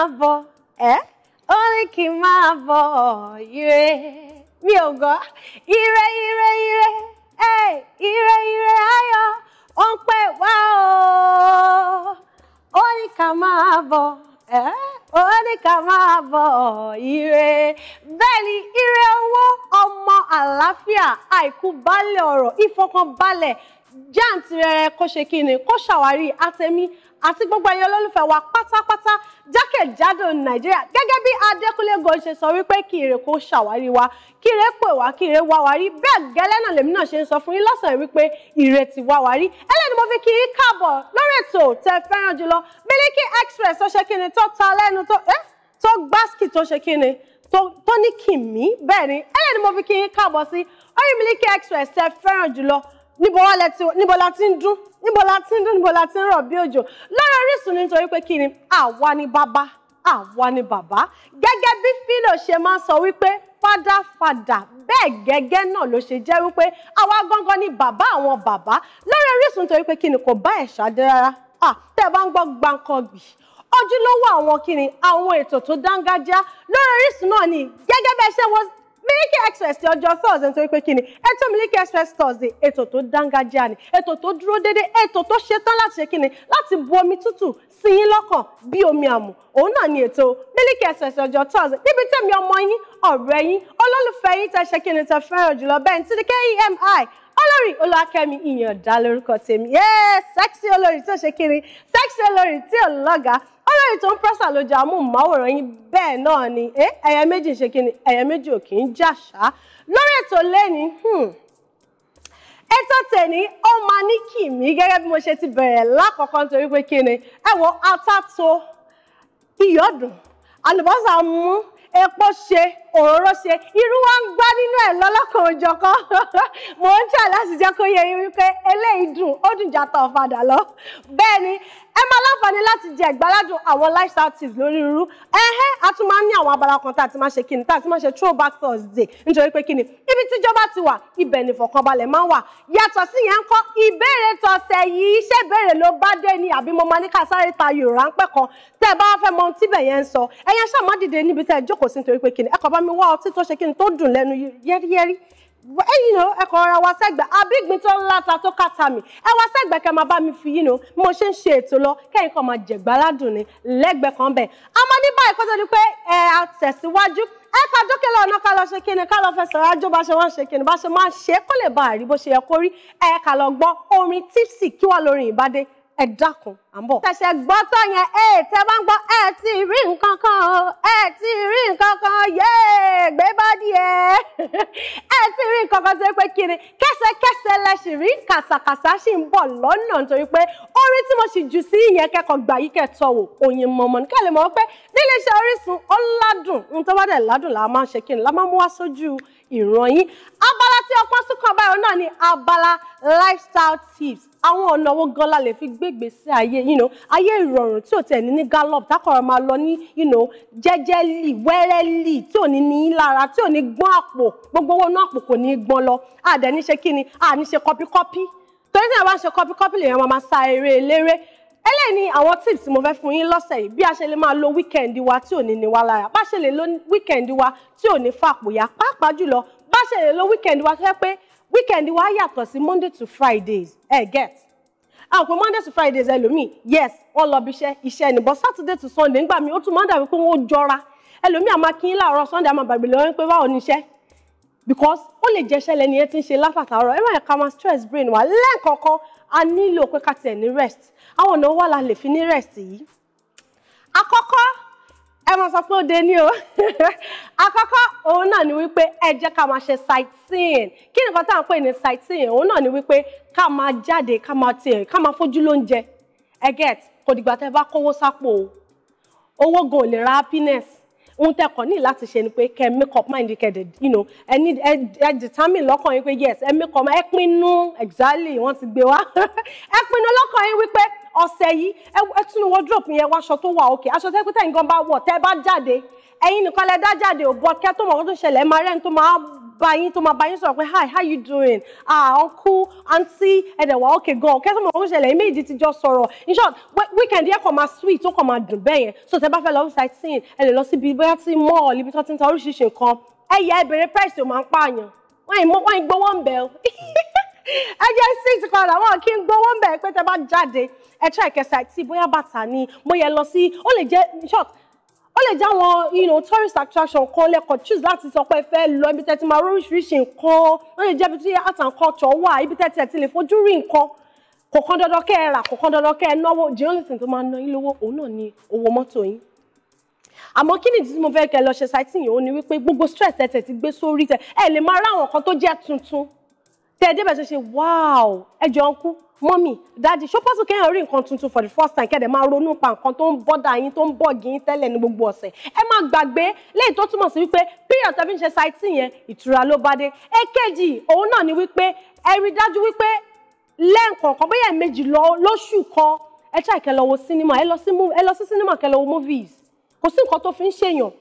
máa bọ̀ ẹ́ ó ní kí n máa bọ̀ ire mi ò gọ́ ire ire ire ẹ ire ire ayọ̀ ó ń pè wá o ó ní ká máa bọ̀ ẹ́ ó ní ká máa bọ̀ ire bẹ́ẹ̀ ni ire owó ọmọ àlàáfíà àìkú baálé ọ̀rọ̀ ìfọkànbalẹ̀ jàǹtìrẹrẹ kó ṣe kí ni kó ṣàwárí àtẹmí àti gbogbo ẹ̀yin olólùfẹ́ wa pátápátá jẹ́ jákèjádò nàìjíríà gẹ́gẹ́ bí adékúnlé gold ṣe sọ wípé kí ire kó ṣàwárí wa kí ire pè wá kí ire wá wá rí bẹ́ẹ̀ gẹ́lẹ́ náà lèmi náà ṣe ń sọ fún yín lọ́sàn wípé ire ti wá wá rí ẹlẹ́ni mo fi kí i káàbọ̀ lórí ètò tẹ fẹ́ràn jùlọ Miliki Express tó ṣe kíni tó ta lẹ́nu tó ẹ́ tó gbásìkì tó ṣe kíni tó ní kìmí bẹ́ẹ̀ ni ẹlẹ́ni mo fi kí i káàbọ̀ sí orí Miliki Express tẹ fẹ́ràn jùlọ níbo wá lẹ́tí níbo la ti ń dún níbo la ti ń dún níbo la ti ń rọ̀ bí òjò lọ́rọ̀ Orísun nítorí pé kí ni àwa ni bàbá àwa ni bàbá gẹ́gẹ́ bí Philo ṣe máa ń sọ wípé fádáfádà bẹ́ẹ̀ gẹ́gẹ́ náà ló ṣe jẹ́ wípé àwa gangan ni bàbá àwọn bàbá lórí Orísun torí pé kí ni kò bá ẹ̀ṣá dé rárá tẹ́ ẹ bá ń gbọ́ gbàǹkangbì ojúlówó àwọn kí ni àwọn ètò tó dángájá lórí Orísun náà ni gẹ́gẹ́ bẹ́ẹ̀ ṣe wọ́n Miliki Express ti ọjọ́ Thursday nítorí pé kí ni ètò Miliki Express Thursday ètò tó dángájíá ni ètò tó dúró déédéé ètò tó ṣetán láti ṣe kí ni láti bu omi tútù sí yín lọ́kàn bí omi àmù òun náà ni ètò Miliki Express ọjọ́ Thursday níbi tẹ̀mí ọmọ yín ọ̀rẹ́ yín olólùfẹ́ yín tẹ́ ṣe kí ni tẹ́ fẹ́ràn jùlọ bẹ́ẹ̀ ní ti kemi olórí olúwakẹ́mi ìyàndá lórúkọ tèmi yẹ́ẹ́ sẹ́ksì olórí tí ò ṣe kí ni sẹ́ksì olórí tí ò lọ́gàá olórí tó ń pẹ́sà lójú amóhùnmáwòrán yín bẹ́ẹ̀ náà ni ẹ̀yẹ méjì ṣe kí ni ẹ̀yẹ méjì ò kì í jàṣà lórí ètò lẹ́ni hmm, ètò tèmi ó máa ní kì mí gẹ́gẹ́ bí mo ṣe ti bẹ̀rẹ̀ lákọ̀ọ́kọ́ nítorí pé kí ni ẹ wo ata tó iyọ̀ àlùbọ́sà mú epo ṣe òróró ṣe irú wa ń gbá nínú ẹ̀ lọ́lọ́kan òjọ̀kan mò ń jà láti jẹ́ kó yẹ wípé eléyìí dùn ó dùn jàtà ọ̀fadà lọ bẹ́ẹ̀ ni ẹ máa láǹfààní láti jẹ ìgbáládùn àwọn lifestyle tips lórí irú ẹ̀hẹ́ a tún máa ń ní àwọn abala kan tá a ti máa ṣe kíni tá a ti máa ṣe throwback thursday nítorí pé kíni ibi tíjọba ti wà ibẹ̀ ni ìfọ̀kànbalẹ̀ máa ń wà yàtọ̀ sí yẹn ń kọ́ ìbéèrè tọ̀sẹ̀ yìí ṣé ìbéèrè ló bá dé ni àbí mo máa ní ká sáré ta yorùbá ń pẹ́ kan tẹ́ ẹ bá fẹ́ mọ ohun tíbẹ̀ yẹn ń sọ ẹ̀yẹn ṣàmọ́ níbi tẹ́ ẹ jókòó mi wá ọtí tó ṣe kí n tó dùn lẹ́nu yẹ́rìyẹ́rì ẹ̀yin náà ẹ kọ ara wa sẹ́gbẹ̀ abígbin tó ń láta tó kàtà mi ẹ wá sẹ́gbẹ̀ kẹ́ máa bá mi fi yín nù bí mo ṣe ń ṣe ètò lọ kẹ́yìn kan máa jẹ̀gbá ládùn ni lẹ́gbẹ̀ẹ́ kan bẹ̀ àmọ́ ní báyìí kó tó di pé ẹ á tẹ̀síwájú ẹ ká dókè lọ́nà ká lọ ṣe kíni ká lọ fẹsẹ̀ rájò bá ṣe wá ń ṣe kíni bá ṣe máa ń ṣe kó lè bá àrí bó ṣe yẹ kó rí ẹ ká lọ gbọ́ orin tipsy kí wà lórí ìbádé ẹ dákun à ń gbọ́ tán yẹn ẹ tẹ bá ń gbọ́ ẹ ti rí nǹkan kan ẹ ti rí nǹkan kan yéé gbé bọ́dí ẹ ẹ ti rí nǹkan kan tó pé kiri kẹsẹkẹsẹ lẹ sì rí kàṣàkàṣà sì ń bọ̀ lọ́nà nítorí pé orin tí mo sì jù sí ìyẹn kẹ́kọ̀ọ́ gbà yí kẹ́tọ́ wò òyìn mọ̀mọ́ ní kẹ́lẹ́ mọ̀ pé nílé iṣẹ́ Orísun ó ládùn ohun bá dẹ̀ ládùn là abala lifestyle tips àwọn ọ̀nà owó gan la lè fi gbégbèsè ayé you know ayé ìrọ̀rùn tí ò tẹ̀ ní ní gallop tákọ̀rọ̀ máa lọ ní you know jẹ́jẹ́lì wẹ́rẹ́lì tí ò ní ní lára tí ò ní gbọ́n àpò gbogbo owó náà àpò kò ní gbọ́n lọ àdẹ̀ní ṣe kí ni àní ṣe kọpíkọpí torí tí a bá ń ṣe kọpíkọpí lèèyàn máa máa sa eré eléré eléyìí ni àwọn tips mo fẹ́ fún yín lọ́sẹ̀ yìí bí a ṣe lè máa lo weekend wa tí ò ní ní wá lára bá ṣe lè lo weekend wa tí ò ní fàpòyà pàápàá jùlọ bá ṣe lè lo weekend wa tó yẹ pé weekend wa yàtọ̀ sí monday to fridays ẹ eh, get àwọn pé monday to fridays ẹlòmíì yes wọ́n lọ bí iṣẹ́ iṣẹ́ ni but saturday to sunday ńgbà mi ó tún Monday ń dàbí pé wọ́n jọra ẹlòmíì àmà kí n láàárọ̀ sunday àmà bàgbé lọ́wọ́ pé báwo ni iṣẹ́ because ó lè jẹ́ iṣẹ́ lẹ́ni ẹ ti ń ṣe látàtàárọ̀ ẹ má yẹ ká máa stress brain wa lẹ́ẹ̀kọ̀ọ̀kan a nílò pé ká tiẹ̀ ní rest àwọn ọ̀nà wà la lè fi ní rest yìí àkọ́kọ́ ẹ máa sọ pé ó dé ní o àkọ́kọ́ òun náà ni wípé ẹ jẹ́ ká máa ṣe sightseeing kí nìkan tá à ń pè ní sightseeing òun náà ni wípé ká máa jáde ká máa tiẹ̀ ká máa fojú lóúnjẹ ẹ get kò dìgbà tẹ́ bá kówó sápò o owó gan ò lè ra happiness ohun tẹ́ kàn ní láti ṣe ni pé kẹ́ ẹ make up mind kẹ́ ẹ you know ẹ ní ẹ determine lọ́kàn yín pé yes ẹ make up ẹ pinnu exactly wọ́n ti gbé wá ẹ pinnu lọ́kàn yín wípé ọ̀sẹ̀ yìí ẹ tún ní wardrobe yẹn wáṣọ tó wà òkè aṣọ tẹ́ pété nǹkan bá wọ̀ tẹ́ bá jáde ẹ̀yin nìkan lẹ dá jáde ò bọ́ kẹ́ tó mọ̀ kó tó ṣẹlẹ̀ máa rẹ́ni tó máa bá yín tó máa bá yín sọ̀rọ̀ pé hi how you doing ah uncle aunty ẹ̀dẹ̀wà òkè gan kẹ́ tó mọ̀ kó tó ṣẹlẹ̀ ẹ̀mí ìdí ti jọ sọ̀rọ̀ in short weekend yẹn kàn máa sweet ó kàn máa dùn bẹ́ẹ̀ yẹn so tẹ́ bá fẹ́ lọ sightseeing ẹ lè lọ síbi bóyá tí mall ibi tó ti ń ta oríṣiríṣi nǹkan ẹ̀yà ẹ̀bẹ̀rẹ̀ price ò máa ń pààyàn wọ́n ì gbowó ń bẹ̀ ọ́ ẹ jẹ́ six padà wọn kí n gbowó ń bẹ̀ pé tẹ bá jáde ẹ try ìkẹsà tí bóyá bàtà ni bóyá lọ sí ó lè jẹ́ short ó lè jẹ́ àwọn you know tourist attraction kan lẹ́kọ̀ọ́ choose láti sọ pé ẹ fẹ́ lọ ibi tẹ́tí máa oríṣiríṣi nǹkan ó lè jẹ́ ibi tí art and culture wà ibi tẹ́tí ẹ̀ ti lè fojú rí nǹkan kò kán dandan kẹ́ ẹ rà kò kán dandan kẹ́ ẹ náwó the only thing tó máa ná yín lówó òun náà ni owó mọ́tò yín àmọ́ kí nìdí tí mo fẹ́ kẹ́ lọ ṣe sighting yìí ó ní wípé gbogbo stress tẹ̀ tẹ̀ ti gbé sórí tẹ̀ ẹ lè máa ráwọn kan tó jẹ́ tuntun tẹ́ ẹ débẹ̀ tó ṣe wáò ẹjọ́ ń kú mọ́mì dáàdì ṣó pọ́sù kẹ́hìn rí nǹkan tuntun for the first time kẹ́dẹ̀ máa ronú pa nǹkan tó ń bọ́dà yín tó ń bọ̀gì yín tẹ́lẹ̀ ní gbogbo ọ̀sẹ̀ ẹ má gbàgbé léyìí tó túmọ̀ sí wípé period tẹ́ fi ń ṣe ṣáìtì yẹn ìtura ló bá dé èkejì òun náà ni wípé ẹ rí dájú wípé lẹ́ǹkọ̀ọ̀kan bóyá ẹ̀ẹ̀mejì lóṣù kan ẹ ṣáà kẹ́ lọ wo sinimá ẹ lọ sí sinimá kẹ́ lọ wo movies kò sí nǹkan tó fi ń ṣèyàn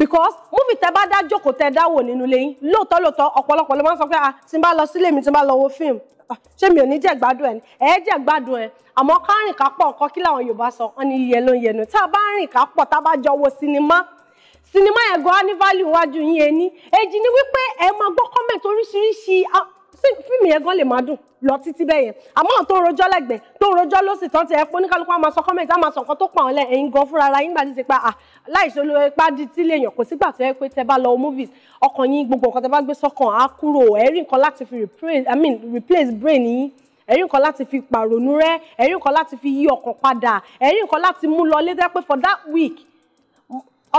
because movie tẹ bá dá jókòó tẹ dá wò nínú ilé yín lóòótọ́ lóòótọ́ ọ̀pọ̀lọpọ̀ ló máa ń sọ pé ah tí n bá lọ sílé mi tí n bá lọ wo fíìmù ah, ṣé mi ò ní jẹ́ gbádùn ẹ̀ ẹ̀ jẹ́ gbádùn ẹ̀ àmọ́ ká rìn ká pọ̀ nǹkan kí làwọn Yorùbá sọ wọn ni iye ló ń yẹnu tá a bá rìn ká pọ̀ tá a bá jọ wo sinimá sinimá yẹn gan-an ní value iwájú yín ẹni èjì ni wípé ẹ máa gbọ́ comment oríṣiríṣi fíìmù yẹn gan lè máa dùn lọ títí bẹ́ẹ̀ yẹn àmọ́ àwọn tó ń rojọ́ lẹ́gbẹ̀ẹ́ tó ń rojọ́ ló sì tán ti ẹ̀ pé oníkálukú àmọ́ sọ kọ́mẹ̀ntì àmọ́ sọ̀kan tó pa àwọn lẹ̀ ẹ̀yin gan fúnra ara yín gbà títí pa à láìṣe olóyè ipá di tí lè yàn kò sígbà tó yẹ pé tẹ bá lọ movies ọkàn yín gbogbo nǹkan tẹ bá gbé sọ́kàn á kúrò ẹ̀rí nǹkan láti fi replace I mean, replace brain yín ẹ̀rí nǹkan láti fi pàrònú rẹ ẹ̀rí nǹkan láti fi yí ọkàn padà ẹ̀rí nǹkan láti mú lọ létẹ́ pé for that week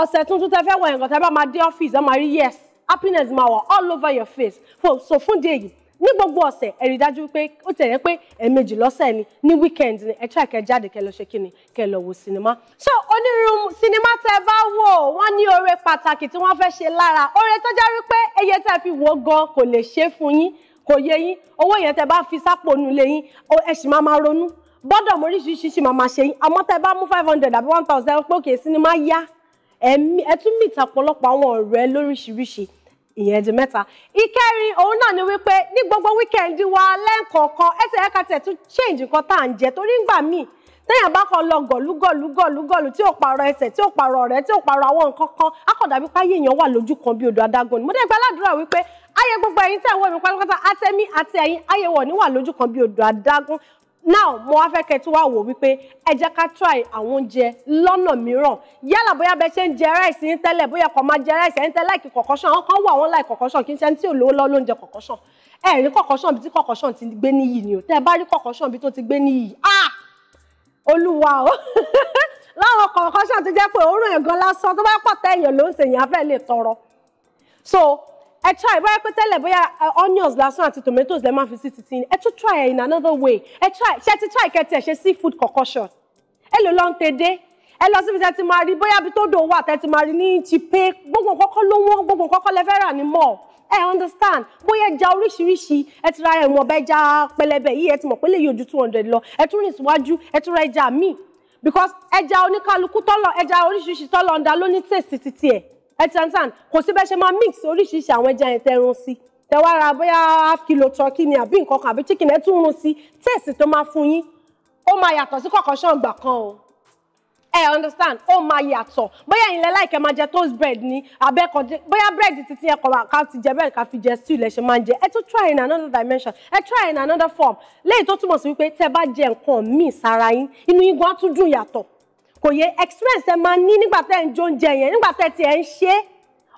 ọ̀sẹ̀ tuntun tẹ fẹ́ wọ̀ ẹ̀ǹkan tẹ bá máa dé ọ́fíìsì ẹ máa rí yes happiness máa wà all over your face so fún di èyí ní gbogbo ọ̀sẹ̀ ẹ rí dájú pé ó tẹ̀lé pé ẹ̀ẹ̀mejì lọ́sẹ̀ ni ní weekend ni ẹ tíra kẹ jáde lọ ṣe kí ni kẹ lọ wo sinimá. so onírúurú sinimá tẹ bá wò wọn ní oore pàtàkì tí wọn fẹ́ ṣe lára oore tó jẹ́ wípé eye tẹ fi wò gan kò lè ṣe fún yín kò yé yín owó yẹn tẹ bá fi sápò nulẹ̀ yín ẹ máa máa ronú bọ́dọ̀ mo oríṣiríṣi máa máa ṣe yín àmọ́ tẹ bá mú five hundred àbí one thousand pé òkè sinimá yá ẹ tún mìtà ọ̀pọ̀lọpọ̀ àwọn ọ̀rẹ́ lóríṣiríṣi ìyẹn di mẹ́ta ìkẹrin òun náà ni wípé ní gbogbo wíkẹ́ndì wa lẹ́ẹ̀kọ̀ọ̀kan ẹsẹ̀ ẹ̀ka tẹ̀ tún change nǹkan tá à ń jẹ torí ń gbà míì téèyàn bá kan lọ gọ̀lúgọ̀lúgọ̀lúgọ̀lú tí ò parọ́ ẹsẹ̀ tí ò parọ́ ọ̀rẹ́ tí ò parọ́ àwọn nǹkan kan akọ̀dàbí páyé èèyàn wà lójú kan bí odò adágún ni mo dé gba aládùúrà wípé ayé gbogbo ẹ̀yin tẹ̀ wọ́n mi pátápátá atẹ́mí àti ẹ̀yin ayé wọ̀ níwà lójú kan bí odò adágún now mo wá fẹ́ kẹ́ tó wá wò wípé ẹ je. ká try àwọn oúnjẹ lọ́nà mìíràn yálà bóyá bẹ ṣe ń jẹ ráìsì ní tẹ́lẹ̀ bóyá kò máa jẹ ráìsì ẹni tẹ́ láìkì kọ̀kọ́ṣàn àwọn kan wà wọ́n láì kọ̀kọ́ṣàn kì í ṣe ẹni tí ò lówó lọ́wọ́ ló ń jẹ kọ̀kọ́ṣàn ẹ rí kọ̀kọ́ṣàn bí tí kọ̀kọ́ṣàn ti gbé níyì ni o tẹ́ ẹ bá rí kọ̀kọ́ṣàn bí tó ti gbé níyì ah olúwa o láwọn kọ̀kọ́ṣàn ti jẹ́ pé òórùn ẹ̀gan lásán tó bá pọ̀ tẹ́yìn ló ń sèyàn afẹ́ lè tọrọ so ẹ try bóyá pé tẹ́lẹ̀ bóyá onions lásán àti tomatoes lẹ máa fi sí títí ẹ tún try in another way ẹ try She ti try kẹtì She ṣe seafood concoction ẹ lò long tẹ́dẹ́ ẹ lọ síbi tẹ́ ti máa rí bóyá bí tó dò wà tẹ́ ti máa rí ní chipe gbogbo kọ́kọ́ ló wọ́n gbogbo kọ́kọ́ lẹ fẹ́ rà ní mall understand bóyá ẹja oríṣiríṣi ẹ ti ra ẹ̀wọ̀n ọbẹ̀ ẹja pẹlẹbẹ yìí ẹ ti mọ̀ pé lè yọjú two hundred lọ ẹ tún rìn síwájú ẹ tún ra ẹja míì because ẹja oníkálukú tọ́lọ̀ ẹja oríṣiríṣi tọ́lọ̀ ń ló ní tèsì títí ẹ̀ ẹtìtàntàn kò sí bẹ́ẹ̀ ṣe máa mix oríṣiríṣi àwọn ẹja yẹn tẹrun sí tẹwàrà bóyá half kilo turkey ni àbí nǹkan kan àbí chicken ẹ tún run sí tẹ̀sì tó máa fún yín ó máa yàtọ̀ sí kọ̀ọ̀kan ṣọ̀ǹgbà kan o ẹ understand ó máa yàtọ̀ bóyá ìyìnlẹ̀ láìkẹ́ máa jẹ toast bread ni abẹ́kọ̀ bóyá bread títí ẹ̀kọ́ ká ti jẹ bẹ́ẹ̀ ká fi jẹ stew lẹ̀ ṣe máa ń jẹ ẹ tún try in another dimension ẹ try in another form léyìí tó túmọ̀ sí wípé tẹ́ bá jẹ nǹkan míì sára yín inú yín gan á tún dùn yàtọ̀ kò yẹ experience ẹ máa ní nígbà tẹ́ ẹ̀ ń jó oúnjẹ yẹn nígbà tẹ́ ti ẹ̀ ń ṣe é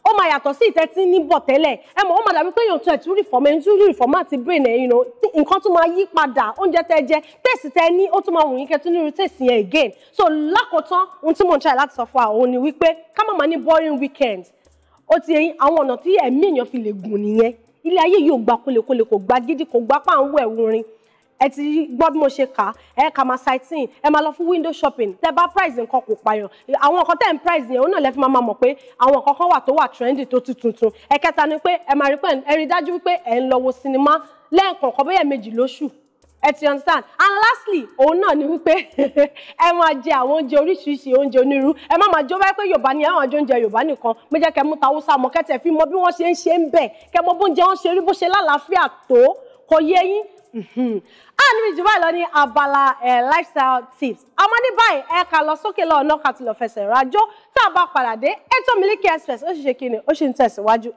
ó máa yàtọ̀ sí ìtẹ́tí ní bọ̀ tẹ́lẹ̀ ẹ mọ̀ ó máa dàbí pé èèyàn tún ẹ̀ tún rìfọ̀mù ẹ̀ tún rìfọ̀mù àti brain ẹ̀ yìnyín nǹkan tún máa yí padà oúnjẹ tẹ́ jẹ tẹ̀sí tẹ́ ní ó tún máa wù yín kẹ́ tún ní irú tẹ̀sí yẹn again so lákòótán ohun tí mo ń ṣàyẹ̀ láti sọ fún wa ni wípé ká má máa ní boring weekend ó ti yẹn àwọn ọ̀nà tí ẹ̀mí èèyàn fi lè gùn nìyẹn ilé ayé yóò gba kólekóle kò gba gidi kò gba páàwọ̀ ẹ̀wù ẹ ti gbọ́ bí mo ṣe kà ẹ kà máa sighting ẹ máa lọ fún window shopping tẹ bá price nǹkan kò payàn àwọn nǹkan tẹ̀ ń price yẹn òun náà lẹ fi máa mọ̀ pé àwọn nǹkan kan wà tó wà trendy tó ti tuntun ẹ̀kẹta ni pé ẹ máa rí pé ẹ rí dájú wípé ẹ ń lọ wo sinimá lẹ́ẹ̀kọ̀ọ̀kan bóyá méjì lóṣù ẹ ti understand and lastly òun náà ni wípé ẹ máa jẹ àwọn oúnjẹ oríṣiríṣi oúnjẹ onírú ẹ má máa jó báyìí pé yorùbá ni àwọn àjọ oúnjẹ yorùbá nìkan mo jẹ kẹ mú ta haúsá mọ kẹtẹ fi mọ bí wọn ṣe ń ṣe ń bẹ kẹ mọ bóúnjẹ wọn ṣe rí bó ṣe lálàáfíà tó kò yé yín And ah, níbi jù báyìí lọ ní abala eh, lifestyle tips àmọ́ ní báyìí ẹ ká lọ sókè lọ́ọ̀ náà ká ti lọ fẹsẹ̀ rájọ́ tá a bá padà dé ètò Miliki Express ó sì ṣe kí ni ó sì ń tẹ̀síwájú